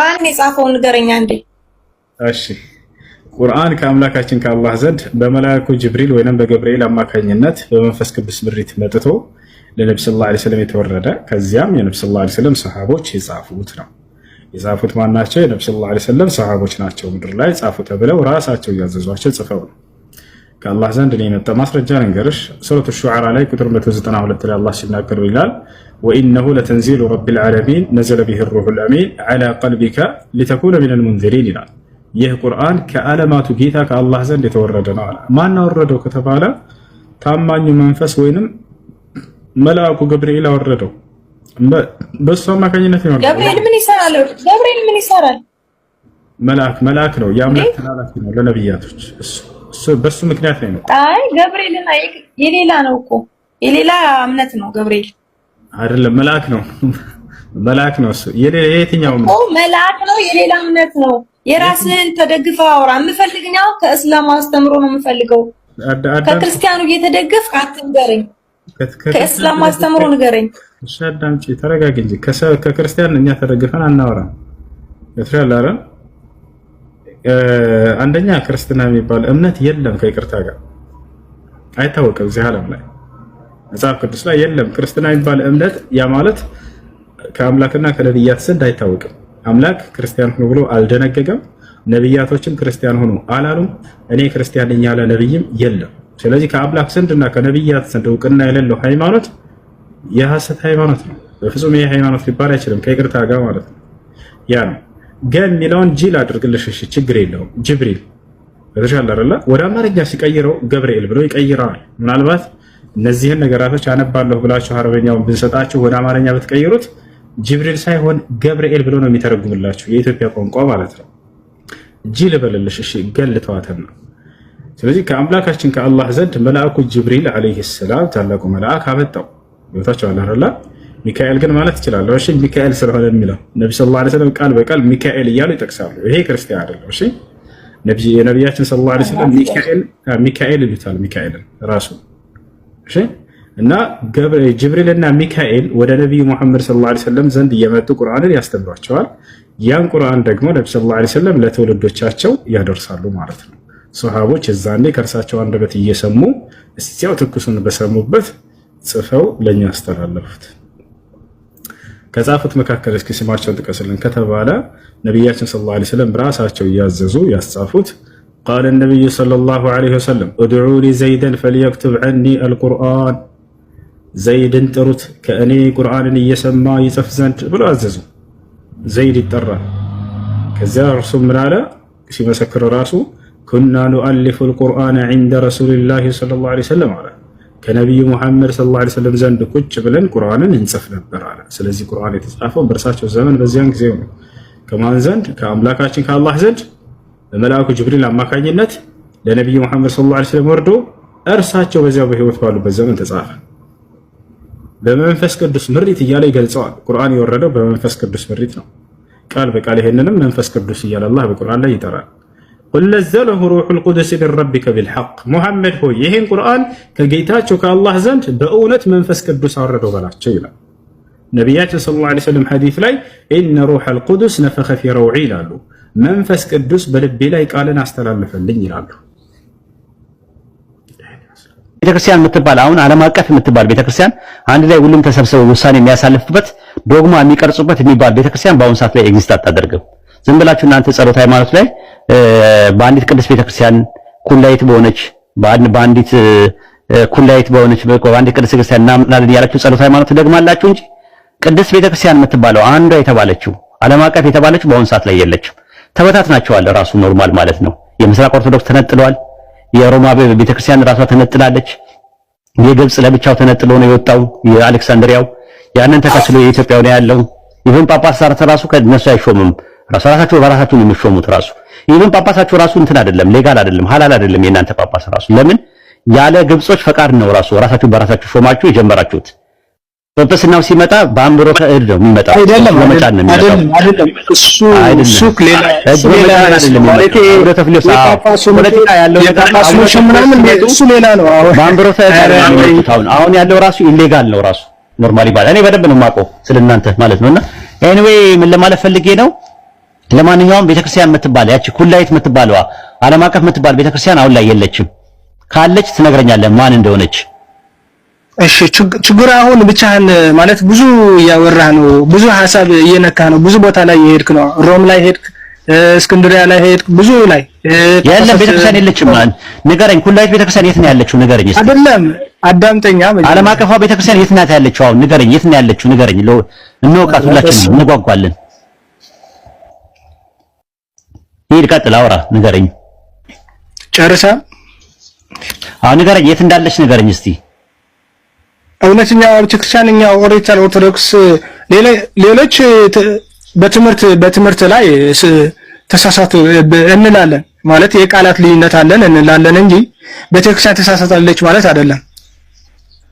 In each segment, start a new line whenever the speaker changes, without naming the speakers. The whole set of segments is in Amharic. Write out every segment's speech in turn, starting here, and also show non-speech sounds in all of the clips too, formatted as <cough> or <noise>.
ቁርአን የጻፈውን ንገረኛ እንዴ?
እሺ ቁርአን ከአምላካችን ከአላህ ዘንድ በመላእኩ ጅብሪል ወይም በገብርኤል አማካኝነት በመንፈስ ቅዱስ ምሪት መጥቶ ለነብዩ ሰለላሁ ዐለይሂ ወሰለም የተወረደ ከዚያም የነብዩ ሰለላሁ ዐለይሂ ወሰለም ሰሃቦች የጻፉት ነው። የጻፉት ማናቸው? የነብዩ ሰለላሁ ዐለይሂ ወሰለም ሰሃቦች ናቸው። ምድር ላይ ጻፉ ተብለው ራሳቸው እያዘዟቸው ጽፈው ነው። ከአላህ ዘንድ እኔ የመጣ ማስረጃ ልንገርሽ። ሱረቱ ሹዓራ ላይ ቁጥር 192 ላይ አላህ ሲናገር ይላል ወኢነሁ ለተንዚሉ ረቢል ዓለሚን ነዘለ ቢህ ሩሑል አሚን ዓላ ቀልቢከ ሊተኩነ ሚነል ሙንዚሪን ይላል። ይህ ቁርአን ከዓለማቱ ጌታ ከአላህ ዘንድ የተወረደ ነው። ማን አወረደው ከተባለ ታማኙ መንፈስ ወይንም መልአኩ ገብርኤል አወረደው። በሱ አማካኝነት ይሆናል።
ገብርኤል ምን ይሰራል? ገብርኤል ምን ይሰራል?
መልአክ መልአክ ነው። የአምላክ ተላላኪ ነው ለነቢያቶች እሱ በሱ ምክንያት ነው
አይ አይ ገብርኤልና የሌላ ነው እኮ የሌላ እምነት ነው ገብርኤል
አይደለም፣ መልአክ ነው። <laughs> መልአክ ነው እሱ። የትኛው
እምነት ነው? መልአክ ነው፣ የሌላ እምነት ነው። የራስህን ተደግፈህ አውራ። የምፈልግኛው ከእስላም አስተምሮ ነው የምፈልገው። ከክርስቲያኑ እየተደግፍ አትንገረኝ። ከእስላም አስተምሮ ንገረኝ።
እሺ አዳምጪ፣ ተረጋጊ እንጂ ከክርስቲያን እኛ ተደግፈን አናወራም። አንደኛ ክርስትና የሚባል እምነት የለም ከይቅርታ ጋር አይታወቅም። እዚህ ዓለም ላይ መጽሐፍ ቅዱስ ላይ የለም ክርስትና የሚባል እምነት። ያ ማለት ከአምላክና ከነቢያት ዘንድ አይታወቅም። አምላክ ክርስቲያን ሆኖ ብሎ አልደነገገም። ነቢያቶችም ክርስቲያን ሆኖ አላሉም። እኔ ክርስቲያን ነኝ ያለ ነቢይም የለም። ስለዚህ ከአምላክ እና ከነቢያት ዘንድ እውቅና የሌለው ሃይማኖት የሐሰት ሃይማኖት ነው። በፍጹም ይህ ሃይማኖት ሊባል አይችልም ከይቅርታ ጋር ማለት ነው። ያ ነው ገ የሚለውን ጂል አድርግልሽ። እሺ ችግር የለውም። ጅብሪል በተሻለ አለ ወደ አማርኛ ሲቀይረው ገብርኤል ብሎ ይቀይረዋል። ምናልባት እነዚህን ነገራቶች አነባለሁ ብላችሁ አረበኛውን ብንሰጣችሁ ወደ አማርኛ ብትቀይሩት ጅብሪል ሳይሆን ገብርኤል ብሎ ነው የሚተረጉምላችሁ የኢትዮጵያ ቋንቋ ማለት ነው። ጂል በልልሽ እሺ ገል ተዋተን ነው። ስለዚህ ከአምላካችን ከአላህ ዘንድ መልአኩ ጅብሪል ዓለይሂ ሰላም ታላቁ መልአክ አመጣው ታቸው አላ ሚካኤል ግን ማለት ይችላል። እሺ ሚካኤል ስለሆነ የሚለው ነብይ ሰለላሁ ዐለይሂ ወሰለም ቃል በቃል ሚካኤል እያሉ ይጠቅሳሉ። ይሄ ክርስቲያን አይደለም። እሺ የነብያችን ሰለላሁ ዐለይሂ ወሰለም ሚካኤል ይሉታል። ሚካኤል ራሱ እሺ። እና ጅብሪል እና ሚካኤል ወደ ነቢዩ ሙሐመድ ሰለላሁ ዐለይሂ ወሰለም ዘንድ እየመጡ ቁርአንን ያስተምሯቸዋል። ያን ቁርአን ደግሞ ነብይ ሰለላሁ ዐለይሂ ወሰለም ለትውልዶቻቸው ያደርሳሉ ማለት ነው። ሰሃቦች እዛኔ ከእርሳቸው አንደበት እየሰሙ እስቲያው ትኩሱን በሰሙበት ጽፈው ለኛ አስተላለፉት። ከጻፉት መካከል እስኪ ስማቸውን ጥቀስልን ከተባለ ነቢያችን ሰለላሁ ዐለይሂ ወሰለም ራሳቸው እያዘዙ ያስጻፉት ቃለ ነቢዩ ሰለላሁ ዐለይሂ ወሰለም እድዑ ሊ ዘይደን ፈልየክቱብ ዐኒ አልቁርአን ዘይድን ጥሩት ከእኔ ቁርአንን እየሰማ ይጽፍ ዘንድ ብሎ አዘዙ። ዘይድ ይጠራል። ከዚያ እርሱ ምን አለ ሲመሰክር ራሱ ኩና ኑአሊፉ አልቁርአን ዐንደ ረሱሊላሂ ሰለላሁ ዐለይሂ ወሰለም አለ ከነቢዩ ሙሐመድ ሰለላሁ ዐለይሂ ወሰለም ዘንድ ቁጭ ብለን ቁርአንን እንጽፍ ነበር አለ። ስለዚህ ቁርአን የተጻፈው በእርሳቸው ዘመን በዚያን ጊዜ ነው። ከማን ዘንድ? ከአምላካችን ከአላህ ዘንድ በመልአኩ ጅብሪል አማካኝነት ለነቢዩ ሙሐመድ ሰለላሁ ዐለይሂ ወሰለም ወርዶ እርሳቸው በዚያ በህይወት ባሉበት ዘመን ተጻፈ። በመንፈስ ቅዱስ ምሪት እያለ ይገልጸዋል። ቁርአን የወረደው በመንፈስ ቅዱስ ምሪት ነው። ቃል በቃል ይሄንንም መንፈስ ቅዱስ እያለ አላህ በቁርአን ላይ ይጠራል። ወነዘለሁ ሩሑል ቁዱስ ሚን ረቢከ ቢልሐቅ ሙሐመድ ሆይ ይህን ቁርአን ከጌታቸው ከአላህ ዘንድ በእውነት መንፈስ ቅዱስ አወረደው በላቸው ይላል። ነቢያችን ሰለላሁ ዐለይሂ ወሰለም ሐዲስ ላይ ኢነ ሩሑል ቁዱስ ነፈኸ ፊ ረውዒ ይላሉ። መንፈስ ቅዱስ በልቤ ላይ ቃልን አስተላልፈልኝ ይላሉ። ቤተክርስቲያን የምትባል አሁን ዓለም አቀፍ የምትባል ቤተክርስቲያን አንድ ላይ ሁሉም ተሰብስበ ውሳኔ የሚያሳልፍበት ዶግማ የሚቀርጹበት የሚባል ቤተክርስቲያን በአሁኑ ሰዓት ላይ ኤግዚስት አታደርግም። ዝም ብላችሁ እናንተ ጸሎት ሃይማኖት ላይ በአንዲት ቅድስት ቤተክርስቲያን ኩላይት በሆነች በአንዲት ኩላይት በሆነች በአንዲት ቅድስት ቤተክርስቲያን እናምናለን ያላችሁ ጸሎት ሃይማኖት ደግማላችሁ እንጂ ቅድስት ቤተክርስቲያን የምትባለው አንዷ የተባለችው ዓለም አቀፍ የተባለችው በአሁኑ ሰዓት ላይ የለችም። ተበታትናቸዋል። ራሱ ኖርማል ማለት ነው። የምስራቅ ኦርቶዶክስ ተነጥለዋል። የሮማ ቤተክርስቲያን ራሷ ተነጥላለች። የግብጽ ለብቻው ተነጥሎ ነው የወጣው የአሌክሳንድሪያው። ያንን ተከትሎ የኢትዮጵያው ነው ያለው። ይሁን ጳጳስ ራሱ ከነሱ አይሾምም። ራሳቸው በራሳቸው ነው የሚሾሙት ራሱ ኢቭን ጳጳሳችሁ ራሱ እንትን አይደለም፣ ሌጋል አይደለም፣ ሐላል አይደለም። የእናንተ ጳጳስ ራሱ ለምን ያለ ግብጾች ፈቃድ ነው ራሱ ራሳችሁ በራሳችሁ ሾማችሁ የጀመራችሁት። ጵጵስናው ሲመጣ በአምሮተ ከእድ ነው የሚመጣው፣
አይደለም ለመጫን ነው የሚመጣው። እሱ እሱ ሌላ ሌላ አይደለም። ፖለቲካ ያለው እሱ ሌላ ነው። አሁን በአምሮተ እድ አሁን ያለው ራሱ ኢሌጋል ነው ራሱ ኖርማሊ ባለ እኔ በደንብ ነው የማውቀው ስለእናንተ ማለት ነውና ኤኒዌይ ምን ለማለት ፈልጌ ነው ለማንኛውም ቤተክርስቲያን የምትባል ያቺ ኩላይት የምትባለዋ ዓለም አቀፍ የምትባል ቤተክርስቲያን አሁን ላይ የለችም። ካለች ትነግረኛለህ ማን እንደሆነች። እሺ ችግሩ አሁን ብቻህን ማለት ብዙ እያወራህ ነው፣ ብዙ ሀሳብ እየነካህ ነው፣ ብዙ ቦታ ላይ የሄድክ ነው። ሮም ላይ ሄድክ፣ እስክንድሪያ ላይ ሄድክ፣ ብዙ ላይ የለም። ቤተክርስቲያን የለችም። ንገረኝ፣ ኩላይት ቤተክርስቲያን የት ነው ያለችው? ንገረኝ እስኪ። አይደለም አዳምጠኛ። ዓለም አቀፏ ቤተክርስቲያን የት ናት ያለችው? አሁን ንገረኝ፣ የት ነው ያለችው? ንገረኝ፣ እንወቃት። ሁላችንም እንጓጓለን። ይሄድ ቀጥል፣ አውራ ንገረኝ። ጨርሳ አሁን ንገረኝ፣ የት እንዳለች ንገረኝ እስቲ። እውነተኛ ቤተክርስቲያን እኛ ኦሪንታል ኦርቶዶክስ፣ ሌሎች በትምህርት በትምህርት ላይ ተሳሳቱ እንላለን ማለት የቃላት ልዩነት አለን እንላለን እንጂ ቤተክርስቲያን ተሳሳታለች ማለት አይደለም።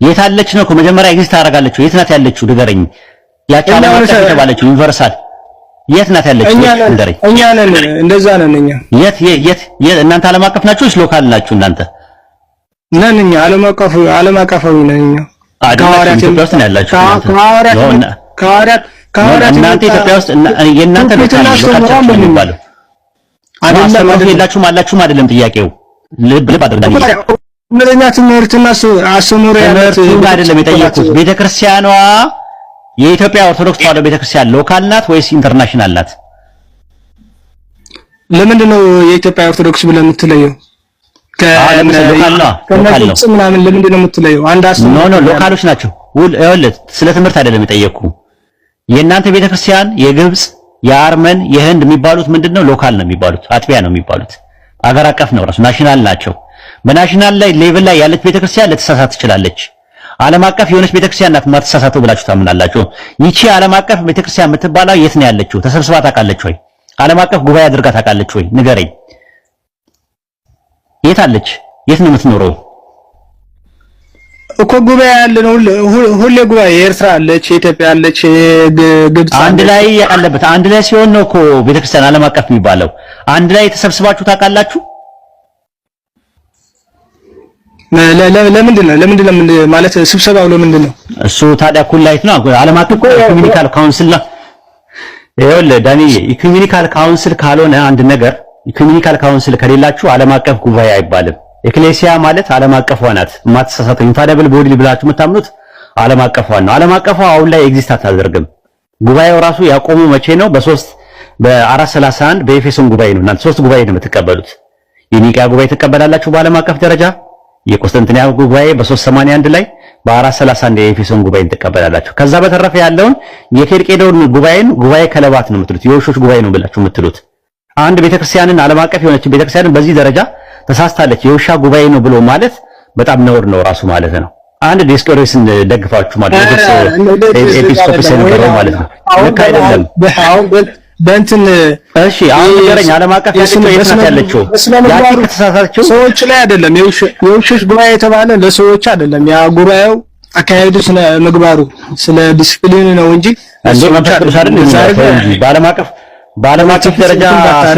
የት አለች ነው መጀመሪያ ኤግዚስት ታደርጋለች። የት ናት ያለችው ንገረኝ። ያቻለ ነው ተባለችው ዩኒቨርሳል የት ናት ያለችው? እኛ ነን፣ እንደዛ ነን እኛ። የት የት እናንተ ዓለም አቀፍ ናችሁ ወይስ ሎካል ናችሁ? እናንተ ነን እኛ ዓለም አቀፍ ዓለም አቀፋዊ ነን እኛ። እናንተ ሎካል አይደለም። የላችሁም አላችሁም አይደለም። ጥያቄው ልብ ልብ አድርጋለሁ። እውነተኛ ትምህርትና አስተምህሮ ያለው አይደለም የጠየኩት ቤተክርስቲያኗ የኢትዮጵያ ኦርቶዶክስ ተዋህዶ ቤተክርስቲያን ሎካል ናት ወይስ ኢንተርናሽናል ናት? ለምንድን ነው የኢትዮጵያ ኦርቶዶክስ ብለህ የምትለየው? ምናምን ለምንድን ነው የምትለየው? አንድ አስ ኖ ኖ ሎካሎች ናቸው። ይኸውልህ ስለ ትምህርት አይደለም የጠየቅኩ። የእናንተ ቤተክርስቲያን የግብፅ፣ የአርመን፣ የህንድ የሚባሉት ምንድን ነው? ሎካል ነው የሚባሉት፣ አጥቢያ ነው የሚባሉት። አገር አቀፍ ነው ራሱ ናሽናል ናቸው። በናሽናል ላይ ሌቭል ላይ ያለች ቤተክርስቲያን ልትሳሳት ትችላለች። ዓለም አቀፍ የሆነች ቤተክርስቲያን ናት ማትሳሳተው ብላችሁ ታምናላችሁ። ይቺ ዓለም አቀፍ ቤተክርስቲያን የምትባለው የት ነው ያለችው? ተሰብስባ ታውቃለች ወይ? ዓለም አቀፍ ጉባኤ አድርጋ ታውቃለች ወይ? ንገረኝ። የት አለች? የት ነው የምትኖረው? እኮ ጉባኤ ያለ ነው ሁሌ ጉባኤ። የኤርትራ አለች፣ የኢትዮጵያ አለች፣ ግብጽ አንድ ላይ ያለበት አንድ ላይ ሲሆን ነው እኮ ቤተክርስቲያን ዓለም አቀፍ የሚባለው። አንድ ላይ ተሰብስባችሁ ታውቃላችሁ? ለምንድን ነው ለምንድን ነው ማለት ስብሰባው ለምንድን ነው እሱ ታዲያ ኩላይት ነው ዓለም አቀፍ ካውንስል ነው ይኸውልህ ዳንኤል ኢኮኖሚካል ካውንስል ካልሆነ አንድ ነገር ኢኮኖሚካል ካውንስል ከሌላችሁ አለም አቀፍ ጉባኤ አይባልም ኤክሌሲያ ማለት አለም አቀፏ ናት የማትሳሳተኝ ታዲያ ቦዲ ብላችሁ የምታምኑት ዓለም አቀፏ ነው አለም አቀፏ አሁን ላይ ኤግዚስት አታደርግም ጉባኤው ራሱ ያቆመው መቼ ነው በሶስት በአራት ሰላሳ አንድ በኤፌሶን ጉባኤ ነው እናንተ ሶስት ጉባኤ ነው የምትቀበሉት የኒቂያ ጉባኤ ትቀበላላችሁ በዓለም አቀፍ ደረጃ የኮንስታንቲኒያ ጉባኤ በ381 ላይ በ431 የኤፌሶን ጉባኤን ትቀበላላችሁ። ከዛ በተረፈ ያለውን የኬልቄዶን ጉባኤን ጉባኤ ከለባት ነው የምትሉት፣ የውሾች ጉባኤ ነው ብላችሁ የምትሉት አንድ ቤተክርስቲያንን ዓለም አቀፍ የሆነችን ቤተክርስቲያንን በዚህ ደረጃ ተሳስታለች የውሻ ጉባኤ ነው ብሎ ማለት በጣም ነውር ነው ራሱ ማለት ነው። አንድ ዲስቆሬስን ደግፋችሁ ማለት ነው፣ ኤፒስኮፕስ ነው ማለት ነው። ልክ አይደለም። በእንትን እሺ፣ አሁን ንገረኝ። ዓለም አቀፍ ያለችው ያለችው ሰዎች ላይ አይደለም። የውሾች ጉባኤ የተባለ ለሰዎች አይደለም። ያ ጉባኤው አካሄዱ ስለ ምግባሩ ስለ ዲስፕሊን ነው እንጂ እንዴ መንፈስ ቅዱስ አይደለም። በዓለም አቀፍ በዓለም አቀፍ ደረጃ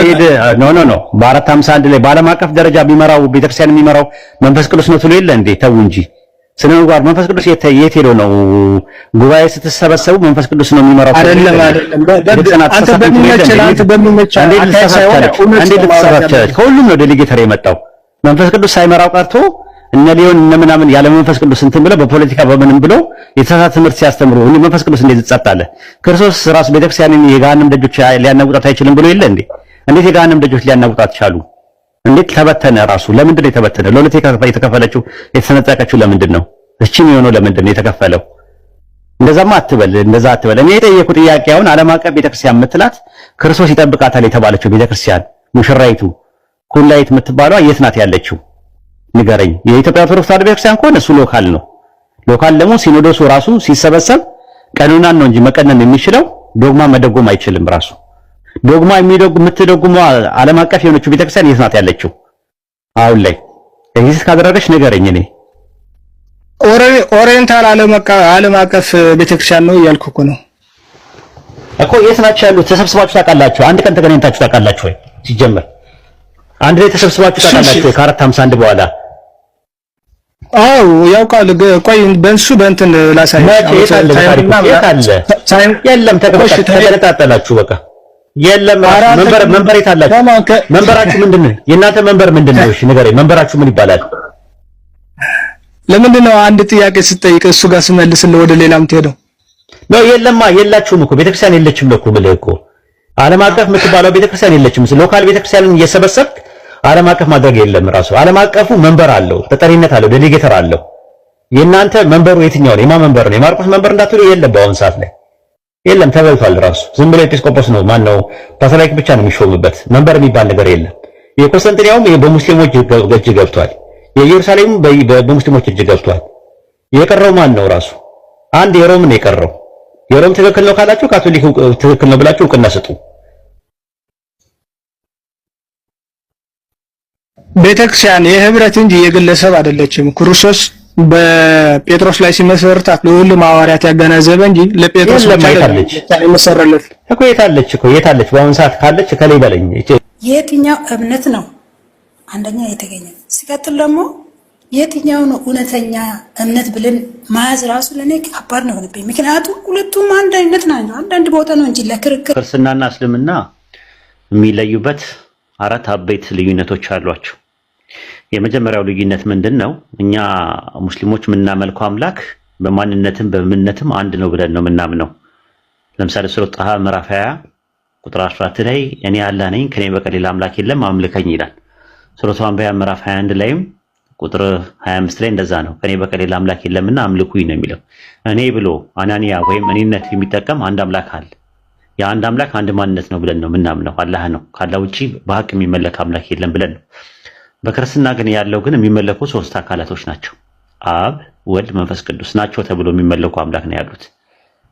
ሲሄድ ኖ ኖ ኖ በአራት ሀምሳ አንድ ላይ በዓለም አቀፍ ደረጃ ቢመራው ቤተክርስቲያን የሚመራው መንፈስ ቅዱስ ነው ትሉ የለ እንዴ? ተው እንጂ ስነ ምግባር መንፈስ ቅዱስ የት ሄዶ ነው? ጉባኤ ስትሰበሰቡ መንፈስ ቅዱስ ነው የሚመራው። አይደለም አይደለም። አንተ በሚመችህ አንተ በሚመችህ ከሁሉም ነው ዴሊጌተር የመጣው መንፈስ ቅዱስ ሳይመራው ቀርቶ እነ ሊሆን እነ ምናምን ያለ መንፈስ ቅዱስ እንትን ብለው በፖለቲካ በምንም ብሎ የተሳሳተ ትምህርት ሲያስተምሩ እንዴ መንፈስ ቅዱስ እንዴት ጸጥ አለ? ክርስቶስ ራሱ ቤተክርስቲያንን የገሃነም ደጆች ሊያናውጣት አይችልም ብሎ የለ እንዴ? እንዴት የገሃነም ደጆች ሊያናውጣት ቻሉ? እንዴት ተበተነ? ራሱ ለምንድን ነው የተበተነ? ለሁለት የተከፈለችው የተሰነጠቀችው ለምንድን ነው? እቺም የሆነው ለምንድን ነው የተከፈለው? እንደዛማ አትበል፣ እንደዛ አትበል። እኔ የጠየኩ ጥያቄ አሁን ዓለም አቀፍ ቤተክርስቲያን የምትላት ክርስቶስ ይጠብቃታል የተባለችው ቤተክርስቲያን ሙሽራይቱ ኩላይት የምትባለው የት ናት ያለችው? ንገረኝ። የኢትዮጵያ ኦርቶዶክስ ተዋሕዶ ቤተክርስቲያን ከሆነ እሱ ሎካል ነው። ሎካል ደግሞ ሲኖዶሱ ራሱ ሲሰበሰብ ቀኖናን ነው እንጂ መቀነን የሚችለው ዶግማ መደጎም አይችልም ራሱ ዶግማ የምትደጉመው ዓለም አቀፍ የሆነችው ቤተክርስቲያን የት ናት ያለችው? አሁን ላይ ኤግዚስት ካደረገች ንገረኝ። እኔ ኦሪየንታል ዓለም አቀፍ ቤተክርስቲያን ነው እያልኩ እኮ ነው እኮ። የት ናቸው ያሉት? ተሰብስባችሁ ታውቃላችሁ? አንድ ቀን ተገናኝታችሁ ታውቃላችሁ ወይ? ሲጀመር አንድ ላይ ተሰብስባችሁ ታውቃላችሁ ወይ? ከአራት ሃምሳ አንድ በኋላ አው ያውቃል። ቆይ በእንሱ በእንትን ላሳይ። የለም ተቀጣጠላችሁ በቃ የለም መንበር መንበር የታላችሁ መንበራችሁ ምንድነው? የእናንተ መንበር ምንድነው? እሺ ንገረኝ፣ መንበራችሁ ምን ይባላል? ለምንድን ነው አንድ ጥያቄ ስጠይቅ እሱ ጋር ነው ወደ ሌላም ትሄደው ነው? የለማ የላችሁም እኮ ቤተክርስቲያን የለችም እኮ ብለህ እኮ ዓለም አቀፍ የምትባለው ቤተክርስቲያን የለችም። ሎካል ቤተክርስቲያንን እየሰበሰብክ ዓለም አቀፍ ማድረግ የለም። ራሱ ዓለም አቀፉ መንበር አለው፣ ተጠሪነት አለው፣ ዴሊጌተር አለው። የእናንተ መንበሩ የትኛው ነው? የማን መንበር ነው? የማርቆስ መንበር እንዳትሉ የለም በአሁን ሰዓት ላይ የለም ተበልቷል። ራሱ ዝም ብሎ ኤጲስቆጶስ ነው ማን ነው ፓትርያርክ ብቻ ነው የሚሾምበት መንበር የሚባል ነገር የለም። የኮንስታንቲኒያውም በሙስሊሞች እጅ ገብቷል። የኢየሩሳሌም በሙስሊሞች እጅ ገብቷል። የቀረው ማን ነው? ራሱ አንድ የሮም ነው የቀረው። የሮም ትክክል ነው ካላችሁ ካቶሊክ ትክክል ነው ብላችሁ እውቅና ስጡ። ቤተክርስቲያን የህብረት እንጂ የግለሰብ አይደለችም ክርስቶስ በጴጥሮስ ላይ ሲመሰርታት ለሁሉም ሐዋርያት ያገናዘበ እንጂ ለጴጥሮስ ለማይታለች አይደለች። የመሰረለት እኮ የታለች እኮ የታለች? በአሁን ሰዓት ካለች ከሌ በለኝ የትኛው እምነት ነው አንደኛ የተገኘ? ሲቀጥል ደግሞ የትኛው ነው እውነተኛ እምነት ብለን መያዝ ራሱ ለእኔ ከባድ ነው ሆነብኝ። ምክንያቱም ሁለቱም አንድ አይነት ናቸው። አንዳንድ ቦታ ነው እንጂ ለክርክር ክርስትናና እስልምና የሚለዩበት አራት አበይት ልዩነቶች አሏቸው። የመጀመሪያው ልዩነት ምንድን ነው? እኛ ሙስሊሞች የምናመልከው አምላክ በማንነትም በምነትም አንድ ነው ብለን ነው የምናምነው። ለምሳሌ ሱረት ጣሃ ምዕራፍ 20 ቁጥር 14 ላይ እኔ አላህ ነኝ ከኔ በቀር ሌላ አምላክ የለም አምልከኝ ይላል። ሱረቱ አንቢያ ምዕራፍ 21 ላይም ቁጥር 25 ላይ እንደዛ ነው። ከኔ በቀር ሌላ አምላክ የለምና አምልኩኝ ነው የሚለው። እኔ ብሎ አናንያ ወይም እኔነት የሚጠቀም አንድ አምላክ አለ። የአንድ አምላክ አንድ ማንነት ነው ብለን ነው የምናምነው። አላህ ነው። ካላህ ውጪ በሀቅ የሚመለክ አምላክ የለም ብለን ነው በክርስትና ግን ያለው ግን የሚመለኩ ሶስት አካላቶች ናቸው። አብ፣ ወልድ፣ መንፈስ ቅዱስ ናቸው ተብሎ የሚመለኩ አምላክ ነው ያሉት።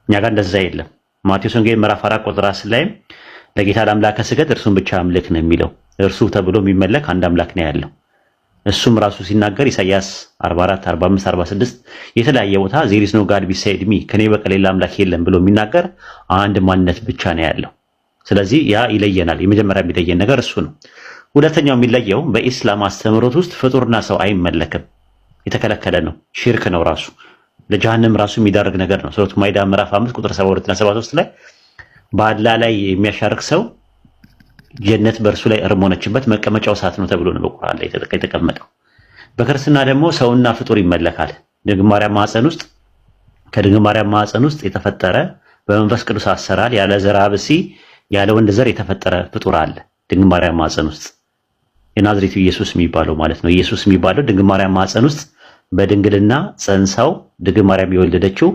እኛ ጋር እንደዛ የለም። ማቴዎስ ወንጌል ምዕራፍ አራት ቁጥር አስር ላይም ለጌታ ለአምላከ ስገድ እርሱን ብቻ አምልክ ነው የሚለው። እርሱ ተብሎ የሚመለክ አንድ አምላክ ነው ያለው። እሱም ራሱ ሲናገር ኢሳያስ 44፣ 45፣ 46 የተለያየ ቦታ ዜሪስ ኖ ጋድ ቢሳይድ ሚ ከኔ በቀር ሌላ አምላክ የለም ብሎ የሚናገር አንድ ማንነት ብቻ ነው ያለው። ስለዚህ ያ ይለየናል። የመጀመሪያ የሚለየን ነገር እሱ ነው። ሁለተኛው የሚለየው በኢስላም አስተምህሮት ውስጥ ፍጡርና ሰው አይመለክም፣ የተከለከለ ነው። ሽርክ ነው፣ ራሱ ለጀሃንም ራሱ የሚዳርግ ነገር ነው። ሱረቱ ማይዳ ምዕራፍ 5 ቁጥር 72 ሰባ ሶስት ላይ በአላ ላይ የሚያሻርክ ሰው ጀነት በእርሱ ላይ እርም ሆነችበት፣ መቀመጫው እሳት ነው ተብሎ ነው በቁርአን ላይ የተቀመጠው። በክርስትና ደግሞ ሰውና ፍጡር ይመለካል። ድንግል ማርያም ማህፀን ውስጥ ከድንግል ማርያም ማህፀን ውስጥ የተፈጠረ በመንፈስ ቅዱስ አሰራል ያለ ዘር አብሲ ያለ ወንድ ዘር የተፈጠረ ፍጡር አለ ድንግል ማርያም ማህፀን ውስጥ የናዝሬቱ ኢየሱስ የሚባለው ማለት ነው። ኢየሱስ የሚባለው ድንግል ማርያም ማህፀን ውስጥ በድንግልና ፀንሳው ድንግል ማርያም የወለደችው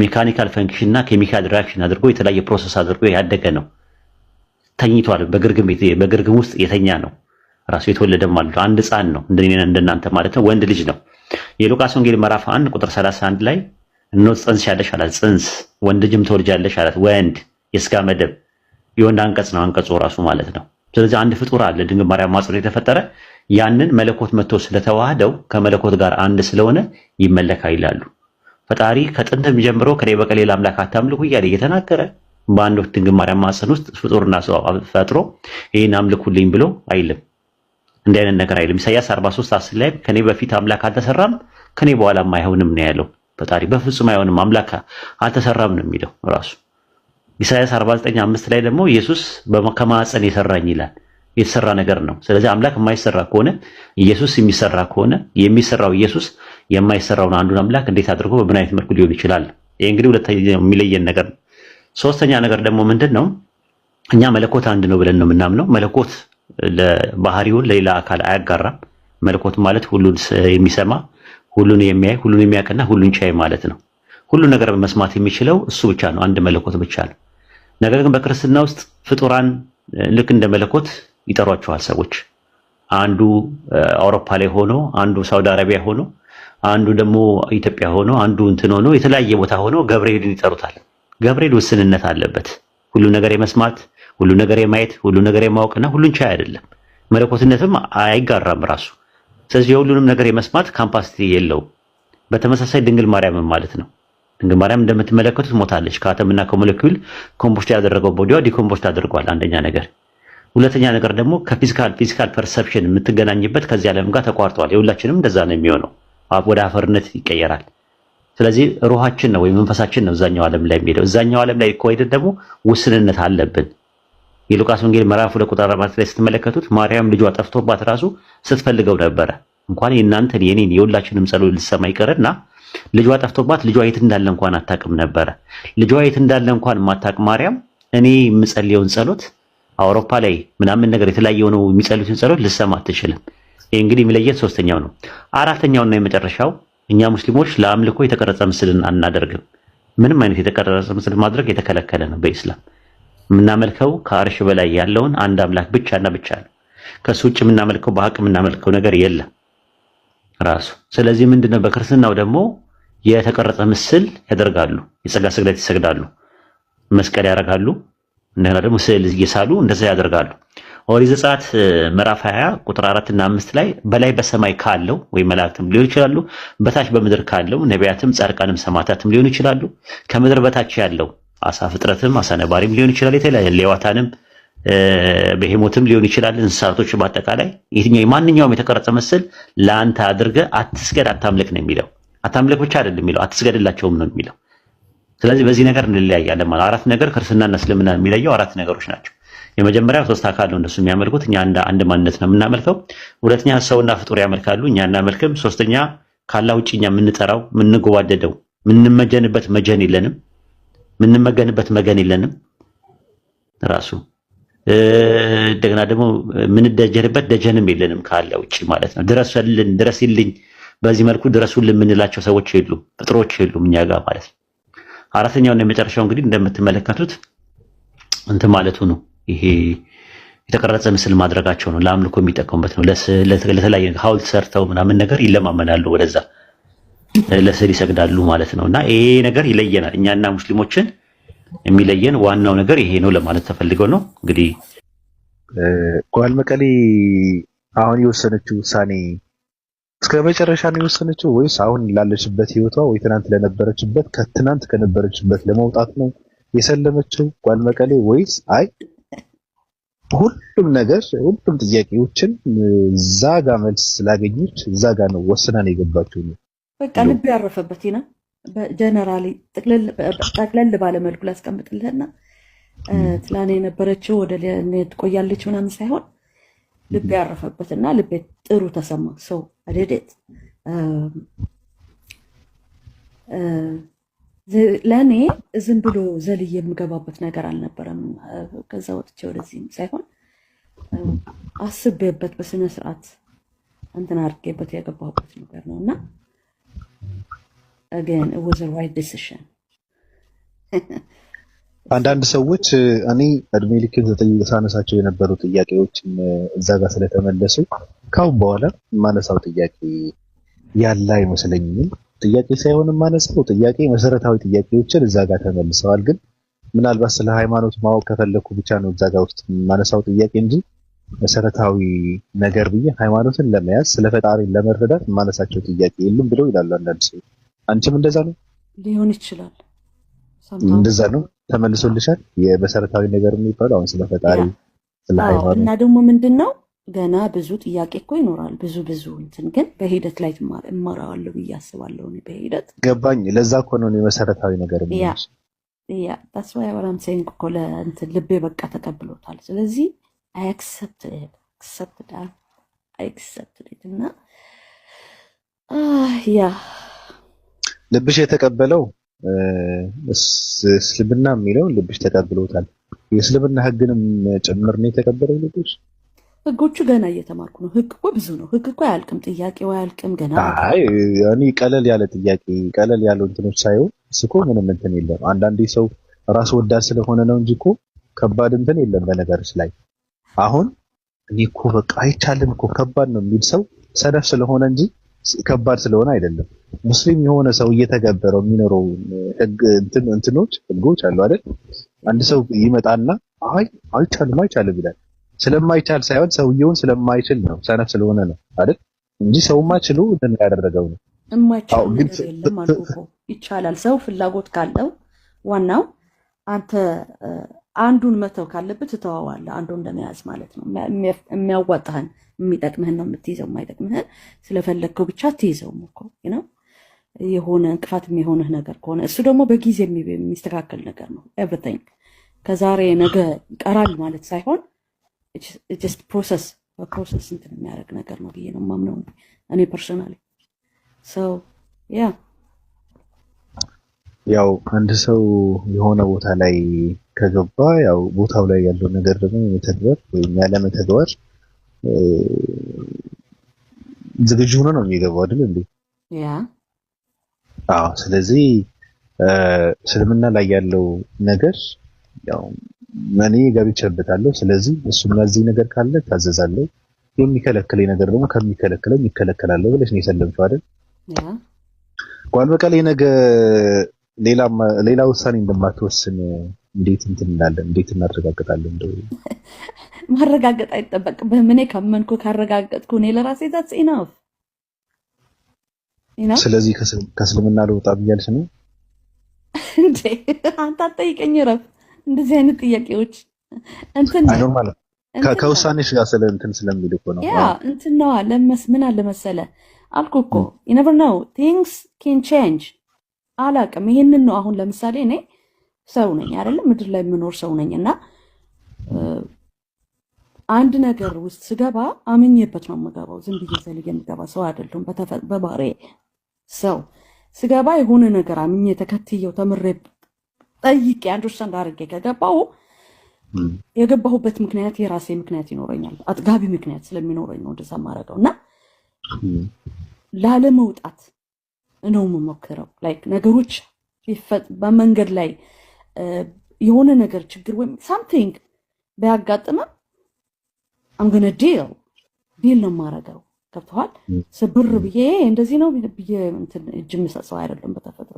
ሜካኒካል ፈንክሽን እና ኬሚካል ሪያክሽን አድርጎ የተለያየ ፕሮሰስ አድርጎ ያደገ ነው። ተኝቷል። በግርግም ውስጥ የተኛ ነው። ራሱ የተወለደ ማለት ነው። አንድ ህፃን ነው እንደናንተ ማለት ነው። ወንድ ልጅ ነው። የሉቃስ ወንጌል ምዕራፍ አንድ ቁጥር 31 ላይ እነሆ ትፀንሻለሽ አላት። ፅንስ ወንድ ልጅም ትወልጃለሽ አላት። ወንድ የስጋ መደብ የወንድ አንቀጽ ነው። አንቀጹ ራሱ ማለት ነው። ስለዚህ አንድ ፍጡር አለ ድንግል ማርያም ማጽኖ የተፈጠረ ያንን መለኮት መጥቶ ስለተዋህደው ከመለኮት ጋር አንድ ስለሆነ ይመለካ ይላሉ። ፈጣሪ ከጥንትም ጀምሮ ከኔ በቀር ሌላ አምላክ አታምልኩ እያለ እየተናገረ በአንድ ወቅት ድንግል ማርያም ማጽን ውስጥ ፍጡርና ሰው ፈጥሮ ይህን አምልኩልኝ ብሎ አይልም። እንዲህ አይነት ነገር አይልም። ኢሳያስ 43 10 ላይ ከኔ በፊት አምላክ አልተሰራም ከኔ በኋላም አይሆንም ነው ያለው። ፈጣሪ በፍጹም አይሆንም አምላክ አልተሰራም ነው የሚለው ራሱ ኢሳያስ 49:5 ላይ ደግሞ ኢየሱስ ከማኅፀን የሰራኝ ይላል። የተሰራ ነገር ነው። ስለዚህ አምላክ የማይሰራ ከሆነ ኢየሱስ የሚሰራ ከሆነ የሚሰራው ኢየሱስ የማይሰራውን አንዱን አምላክ እንዴት አድርጎ በምን አይነት መልኩ ሊሆን ይችላል? ይሄ እንግዲህ ሁለተኛው የሚለየን ነገር ነው። ሶስተኛ ነገር ደግሞ ምንድን ነው? እኛ መለኮት አንድ ነው ብለን ነው የምናምነው። መለኮት ባህሪውን ለሌላ አካል አያጋራም። መለኮት ማለት ሁሉን የሚሰማ ሁሉን የሚያይ ሁሉን የሚያውቅና ሁሉን ቻይ ማለት ነው። ሁሉ ነገር መስማት የሚችለው እሱ ብቻ ነው፣ አንድ መለኮት ብቻ ነው። ነገር ግን በክርስትና ውስጥ ፍጡራን ልክ እንደ መለኮት ይጠሯቸዋል ሰዎች። አንዱ አውሮፓ ላይ ሆኖ፣ አንዱ ሳውዲ አረቢያ ሆኖ፣ አንዱ ደግሞ ኢትዮጵያ ሆኖ፣ አንዱ እንትን ሆኖ፣ የተለያየ ቦታ ሆኖ ገብርኤልን ይጠሩታል። ገብርኤል ውስንነት አለበት። ሁሉ ነገር የመስማት ሁሉ ነገር የማየት ሁሉ ነገር የማወቅና ሁሉን ቻይ አይደለም። መለኮትነትም አይጋራም ራሱ። ስለዚህ የሁሉንም ነገር የመስማት ካምፓሲቲ የለውም። በተመሳሳይ ድንግል ማርያምን ማለት ነው። ድንግል ማርያም እንደምትመለከቱት ሞታለች። ከአተምና ከሞለኪውል ኮምፖስት ያደረገው ቦዲዋ ዲኮምፖስት አድርጓል። አንደኛ ነገር። ሁለተኛ ነገር ደግሞ ከፊዚካል ፊዚካል ፐርሰፕሽን የምትገናኝበት ከዚህ ዓለም ጋር ተቋርጧል። የሁላችንም እንደዛ ነው የሚሆነው። ወደ አፈርነት ይቀየራል። ስለዚህ ሩሃችን ነው ወይም መንፈሳችን ነው እዛኛው ዓለም ላይ የሚሄደው። እዛኛው ዓለም ላይ ከሄድን ደግሞ ውስንነት አለብን። የሉቃስ ወንጌል ምዕራፍ ሁለት ቁጥር አራት ላይ ስትመለከቱት ማርያም ልጇ ጠፍቶባት ራሱ ስትፈልገው ነበረ። እንኳን የእናንተን የኔን የሁላችንም ጸሎት ልትሰማ ይቅርና ልጇ ጠፍቶባት ልጇ የት እንዳለ እንኳን አታውቅም ነበረ። ልጇ የት እንዳለ እንኳን የማታውቅ ማርያም እኔ የምጸልየውን ጸሎት አውሮፓ ላይ ምናምን ነገር የተለያየ ሆነው የሚጸልዩትን ጸሎት ልሰማ አትችልም። ይህ እንግዲህ የሚለየት ሶስተኛው ነው። አራተኛውና የመጨረሻው እኛ ሙስሊሞች ለአምልኮ የተቀረጸ ምስልን አናደርግም። ምንም አይነት የተቀረጸ ምስል ማድረግ የተከለከለ ነው በኢስላም። የምናመልከው ከአርሽ በላይ ያለውን አንድ አምላክ ብቻና ብቻ ነው። ከሱ ውጭ የምናመልከው በሀቅ የምናመልከው ነገር የለም። ራሱ። ስለዚህ ምንድነው በክርስትናው ደግሞ የተቀረጸ ምስል ያደርጋሉ፣ የጸጋ ስግደት ይሰግዳሉ፣ መስቀል ያደርጋሉ፣ እንደገና ደግሞ ስዕል እየሳሉ እንደዛ ያደርጋሉ። ኦሪት ዘጸአት ምዕራፍ 20 ቁጥር 4 እና 5 ላይ በላይ በሰማይ ካለው ወይ መላእክትም ሊሆኑ ይችላሉ፣ በታች በምድር ካለው ነቢያትም፣ ጻድቃንም፣ ሰማዕታትም ሊሆኑ ይችላሉ፣ ከምድር በታች ያለው አሳ ፍጥረትም አሳ ነባሪም ሊሆን ይችላል፣ የተለያየ ሌዋታንም በሄሞትም ሊሆን ይችላል። እንስሳቶች በአጠቃላይ የትኛው ማንኛውም የተቀረጸ ምስል ለአንተ አድርገ አትስገድ፣ አታምልክ ነው የሚለው። አታምልክ ብቻ አይደለም የሚለው አትስገድላቸውም ነው የሚለው። ስለዚህ በዚህ ነገር እንለያያለን ማለት አራት ነገር ክርስትናና እስልምና የሚለየው አራት ነገሮች ናቸው። የመጀመሪያው ሶስት አካል ነው እነሱ የሚያመልኩት፣ እኛ አንድ ማንነት ነው የምናመልከው። ሁለተኛ ሰውና ፍጡር ያመልካሉ፣ እኛ እናመልክም። ሶስተኛ ካላ ውጭ እኛ የምንጠራው የምንጎባደደው፣ የምንመጀንበት መጀን የለንም፣ የምንመገንበት መገን የለንም ራሱ እንደገና ደግሞ የምንደጀንበት ደጀንም የለንም ካለ ውጭ ማለት ነው። ድረሱልን ድረስልኝ፣ በዚህ መልኩ ድረሱልን የምንላቸው ሰዎች የሉም፣ ፍጥሮች የሉም እኛ ጋር ማለት ነው። አራተኛውና የመጨረሻው እንግዲህ እንደምትመለከቱት እንት ማለቱ ነው። ይሄ የተቀረጸ ምስል ማድረጋቸው ነው። ለአምልኮ የሚጠቀሙበት ነው። ለተለያየ ሀውልት ሰርተው ምናምን ነገር ይለማመናሉ፣ ወደዛ ለስዕል ይሰግዳሉ ማለት ነው። እና ይሄ ነገር ይለየናል እኛና ሙስሊሞችን የሚለየን ዋናው ነገር ይሄ ነው ለማለት ተፈልገው ነው። እንግዲህ ጓል መቀሌ አሁን የወሰነችው ውሳኔ እስከ መጨረሻ ነው የወሰነችው ወይስ አሁን ላለችበት ህይወቷ ወይ ትናንት ለነበረችበት ከትናንት ከነበረችበት ለመውጣት ነው የሰለመችው ጓል መቀሌ ወይስ አይ ሁሉም ነገር ሁሉም ጥያቄዎችን እዛ ጋ መልስ ስላገኘች እዛ ጋ ነው ወስና ነው የገባችው ነው በቃ ልብ ያረፈበት ይነ በጀነራሊ ጠቅለል ባለመልኩ ላስቀምጥልህና ትላኔ የነበረችው ወደ ትቆያለች ምናምን ሳይሆን ልቤ ያረፈበት እና ልቤ ጥሩ ተሰማ። ሰው አደዴት ለእኔ ዝም ብሎ ዘልዬ የምገባበት ነገር አልነበረም። ከዛ ወጥቼ ወደዚህም ሳይሆን አስቤበት በስነ ስርዓት እንትን አድርጌበት የገባሁበት ነገር ነው እና again it was the right decision አንዳንድ ሰዎች እኔ እድሜ ልክን ዘጠኝ ሳነሳቸው የነበሩ ጥያቄዎችም እዛ ጋር ስለተመለሱ ካሁን በኋላ ማነሳው ጥያቄ ያለ አይመስለኝም። ጥያቄ ሳይሆን ማነሳው ጥያቄ መሰረታዊ ጥያቄዎችን እዛ ጋር ተመልሰዋል። ግን ምናልባት ስለ ሃይማኖት ማወቅ ከፈለግኩ ብቻ ነው እዛ ጋር ውስጥ የማነሳው ጥያቄ እንጂ መሰረታዊ ነገር ብዬ ሃይማኖትን ለመያዝ ስለ ፈጣሪ ለመረዳት ማነሳቸው ጥያቄ የሉም ብለው ይላሉ አንዳንድ ሰዎች። አንቺም እንደዛ ነው ሊሆን ይችላል። እንደዛ ነው ተመልሶልሻል። የመሰረታዊ ነገር የሚባለው አሁን ስለ ፈጣሪ እና ደግሞ ምንድን ነው ገና ብዙ ጥያቄ እኮ ይኖራል። ብዙ ብዙ እንትን ግን በሂደት ላይ እማራዋለሁ ብዬ አስባለሁ። በሂደት ገባኝ። ለዛ እኮ ነው የመሰረታዊ ነገር ስ ለእንትን ልቤ በቃ ተቀብሎታል። ስለዚህ አክሰፕት አክሰፕት እና ያ ልብሽ የተቀበለው እስልምና የሚለውን ልብሽ ተቀብሎታል። የእስልምና ህግንም ጭምር ነው የተቀበለው ልብሽ። ህጎቹ ገና እየተማርኩ ነው። ህግ እኮ ብዙ ነው። ህግ እኮ አያልቅም፣ ጥያቄው አያልቅም። ገና እኔ ቀለል ያለ ጥያቄ ቀለል ያለው እንትኖች ሳይሆን እስኮ ምንም እንትን የለም። አንዳንዴ ሰው ራስ ወዳድ ስለሆነ ነው እንጂ እኮ ከባድ እንትን የለም። በነገርስ ላይ አሁን እኔ እኮ በቃ አይቻልም እኮ ከባድ ነው የሚል ሰው ሰነፍ ስለሆነ እንጂ ከባድ ስለሆነ አይደለም። ሙስሊም የሆነ ሰው እየተገበረው የሚኖረው ህግ እንትኖች ህጎች አሉ አይደል? አንድ ሰው ይመጣና አይ አይቻልም አይቻልም ይላል። ስለማይቻል ሳይሆን ሰውየውን ስለማይችል ነው፣ ሰነፍ ስለሆነ ነው አይደል? እንጂ ሰውማ ችሎ እንትን ያደረገው ነው። የማይቻል ነገር የለም አልኩ። ይቻላል ሰው ፍላጎት ካለው ዋናው አንተ አንዱን መተው ካለብህ ትተዋዋለህ። አንዱን ለመያዝ ማለት ነው የሚያዋጣህን የሚጠቅምህን ነው የምትይዘው፣ የማይጠቅምህን ስለፈለግከው ብቻ አትይዘውም እኮ ነው። የሆነ እንቅፋት የሚሆንህ ነገር ከሆነ እሱ ደግሞ በጊዜ የሚስተካከል ነገር ነው። ኤቭሪቲንግ ከዛሬ ነገ ይቀራል ማለት ሳይሆን ጀስት ፕሮሰስ በፕሮሰስ እንትን የሚያደርግ ነገር ነው ብዬ ነው ማምነው እኔ ፐርሶናሊ። ያ ያው አንድ ሰው የሆነ ቦታ ላይ ከገባ ያው ቦታው ላይ ያለው ነገር ደግሞ መተግበር ወይም ያለመተግበር ዝግጁ ሆኖ ነው የሚገባው አይደል እንዴ? ያ አዎ። ስለዚህ እስልምና ላይ ያለው ነገር ያው እኔ ገብቼበታለሁ። ስለዚህ እሱም ለዚህ ነገር ካለ ታዘዛለሁ። የሚከለክለኝ ነገር ደግሞ ከሚከለክለኝ ይከለከላለሁ ብለሽ ነው የሰለምሽው አይደል? ያ ጓል በቃ ነገ ሌላ ሌላ ውሳኔ እንደማትወስን እንዴት እንትን እንላለን? እንዴት እናረጋግጣለን? እንደው <laughs> ማረጋገጥ አይጠበቅም። በምኔ ከመንኩ ካረጋገጥኩ እኔ ለራሴ ዛት ኢናፍ። ስለዚህ ከእስልምና ልውጣ ብያልሽ ነው <laughs> እንዴ? አንተ አትጠይቀኝ ረፍ እንደዚህ አይነት ጥያቄዎች እንትን ማለት ከውሳኔሽ ጋር ስለ እንትን ስለሚል እኮ ነው። ያ እንትን ነዋ። ለመስ ምን አለ መሰለ አልኩ እኮ ዩ ኔቨር ኖው ቲንግስ ኬን ቼንጅ አላቅም። ይሄንን ነው አሁን ለምሳሌ እኔ ሰው ነኝ አይደለም ምድር ላይ የምኖር ሰው ነኝ እና አንድ ነገር ውስጥ ስገባ አምኜበት ነው የምገባው። ዝም ብዬ ዘልዬ የምገባ ሰው አይደለሁም። በባህሪ ሰው ስገባ የሆነ ነገር አምኜ ተከትየው ተምሬ ጠይቄ አንደርስታንድ አድርጌ ከገባው የገባሁበት ምክንያት የራሴ ምክንያት ይኖረኛል። አጥጋቢ ምክንያት ስለሚኖረኝ ነው እንደዛ የማደርገው እና ላለመውጣት ነው የምሞክረው ላይክ ነገሮች በመንገድ ላይ የሆነ ነገር ችግር ወይም ሳምቲንግ ቢያጋጥምም አምገነ ዲል ዲል ነው የማረገው። ገብተዋል ስብር ብዬ እንደዚህ ነው ብዬ እጅ የምሰጠው አይደለም በተፈጥሮ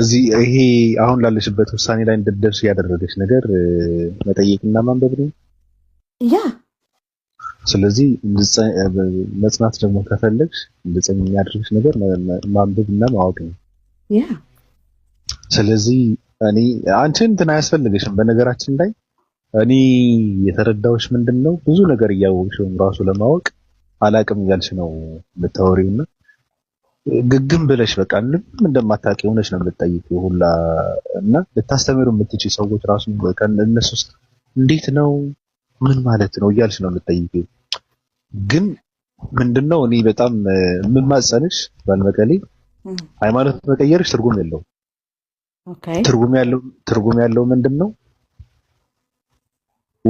እዚህ ይሄ አሁን ላለሽበት ውሳኔ ላይ እንድትደርስ ያደረገች ነገር መጠየቅና ማንበብ ነው። ያ ስለዚህ መጽናት ደግሞ ከፈለግሽ እንድጸኝ የሚያደርግሽ ነገር ማንበብና ማወቅ ነው። ያ ስለዚህ እኔ አንቺ እንትን አያስፈልገሽም በነገራችን ላይ እኔ የተረዳሁሽ ምንድን ነው ብዙ ነገር እያወቅሽውም ራሱ ለማወቅ አላቅም እያልሽ ነው የምታወሪውና ግግም ብለሽ በቃ ምንም እንደማታውቂ ሆነሽ ነው የምትጠይቂው ሁላ እና ልታስተምሩ የምትችይ ሰዎች ራሱ እነሱ ውስጥ እንዴት ነው ምን ማለት ነው እያልሽ ነው የምትጠይቂው። ግን ምንድነው እኔ በጣም የምማጸንሽ ባል መቀሌ ሃይማኖት መቀየርሽ ትርጉም የለውም። ትርጉም ያለው ትርጉም ያለው ምንድን ነው?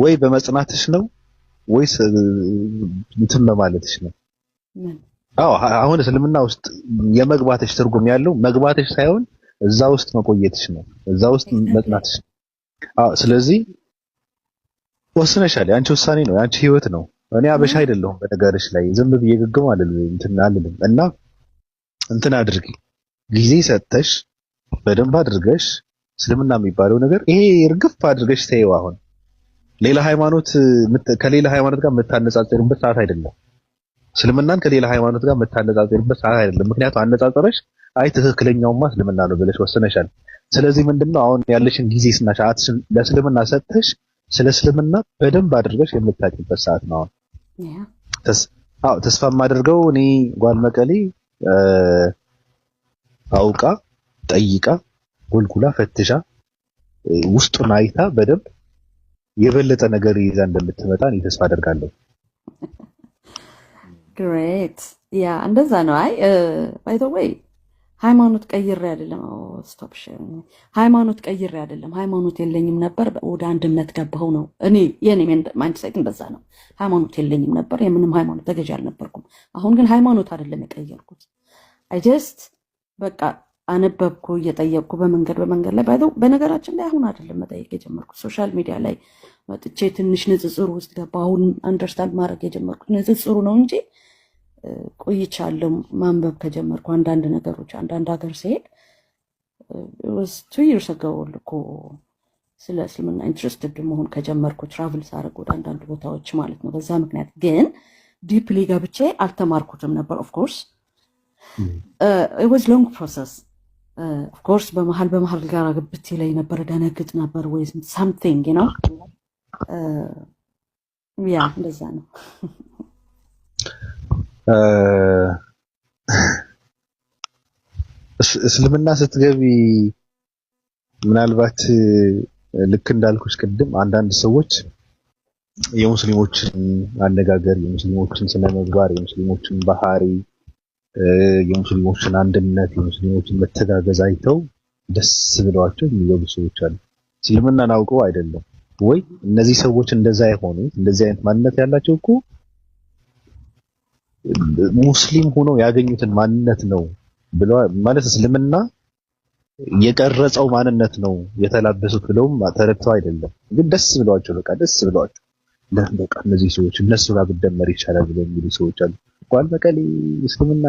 ወይ በመጽናትሽ ነው ወይ እንትን በማለትሽ ነው። አዎ አሁን እስልምና ውስጥ የመግባትሽ ትርጉም ያለው መግባትሽ ሳይሆን እዛ ውስጥ መቆየትሽ ነው፣ እዛ ውስጥ መጽናትሽ ነው። አዎ ስለዚህ ወስነሻል። ያንቺ ውሳኔ ነው፣ ያንቺ ህይወት ነው። እኔ አበሻ አይደለሁም በነገርሽ ላይ ዝም ብዬ ግግም አልልም እና እንትን አድርጊ ጊዜ ሰጥተሽ በደንብ አድርገሽ እስልምና የሚባለው ነገር ይሄ እርግፍ አድርገሽ ተይው። አሁን ሌላ ሃይማኖት ከሌላ ሃይማኖት ጋር የምታነጻጽርበት ሰዓት አይደለም። እስልምናን ከሌላ ሃይማኖት ጋር የምታነጻጽርበት ሰዓት አይደለም። ምክንያቱም አነጻጸረሽ አይ ትክክለኛውማ እስልምና ነው ብለሽ ወሰነሻል። ስለዚህ ምንድነው አሁን ያለሽን ጊዜ ሰዓትሽን ለእስልምና ሰጥተሽ ስለ እስልምና በደንብ አድርገሽ የምታውቂበት ሰዓት ነው አሁን። አዎ ተስፋ የማደርገው እኔ ጓል መቀሌ አውቃ ጠይቃ ጎልጉላ ፈትሻ ውስጡን አይታ በደንብ የበለጠ ነገር ይዛ እንደምትመጣ እኔ ተስፋ አደርጋለሁ። ግሬት ያ እንደዛ ነው። አይ ባይ ዘ ወይ ሃይማኖት ቀይሬ አይደለም። ስቶፕ ሃይማኖት ቀይሬ አይደለም። ሃይማኖት የለኝም ነበር ወደ አንድነት ገባሁ ነው። እኔ የኔ ማይንድሴት እንደዛ ነው። ሃይማኖት የለኝም ነበር፣ የምንም ሃይማኖት ተገዥ አልነበርኩም። አሁን ግን ሃይማኖት አይደለም የቀየርኩት። አይ ጀስት በቃ አነበብኩ እየጠየቅኩ በመንገድ በመንገድ ላይ ባይ በነገራችን ላይ አሁን አይደለም መጠየቅ የጀመርኩት ሶሻል ሚዲያ ላይ መጥቼ ትንሽ ንጽጽር ውስጥ ገባ አሁን አንደርስታንድ ማድረግ የጀመርኩት ንጽጽሩ ነው እንጂ ቆይቻለሁ ማንበብ ከጀመርኩ አንዳንድ ነገሮች አንዳንድ ሀገር ሲሄድ ቱ ይርስ ገወል እኮ ስለ እስልምና ኢንትረስትድ መሆን ከጀመርኩ ትራቭል ሳደርግ ወደ አንዳንድ ቦታዎች ማለት ነው። በዛ ምክንያት ግን ዲፕሊ ገብቼ አልተማርኩትም ነበር ኦፍኮርስ ኢት ዋዝ ሎንግ ፕሮሰስ ኦፍኮርስ በመሀል በመሀል ጋር ግብት ላይ ነበረ ደነግጥ ነበር ወይ ሳምቲንግ ነው። ያ እንደዛ ነው። <laughs> uh, እስልምና ስትገቢ ምናልባት ልክ እንዳልኩች ቅድም አንዳንድ ሰዎች የሙስሊሞችን አነጋገር፣ የሙስሊሞችን ስነምግባር፣ የሙስሊሞችን ባህሪ የሙስሊሞችን አንድነት የሙስሊሞችን መተጋገዝ አይተው ደስ ብለዋቸው የሚገቡ ሰዎች አሉ። እስልምናን አውቀው አይደለም ወይ? እነዚህ ሰዎች እንደዛ የሆኑ እንደዚህ አይነት ማንነት ያላቸው እኮ ሙስሊም ሆነው ያገኙትን ማንነት ነው ብለዋል ማለት እስልምና የቀረጸው ማንነት ነው የተላበሱት ብለውም ተረድተው አይደለም። ግን ደስ ብለዋቸው በቃ ደስ ብለዋቸው በቃ እነዚህ ሰዎች እነሱ ጋር ብደመር ይቻላል ብለው የሚሉ ሰዎች አሉ። ተጠብቋል። መቀሌ እስልምና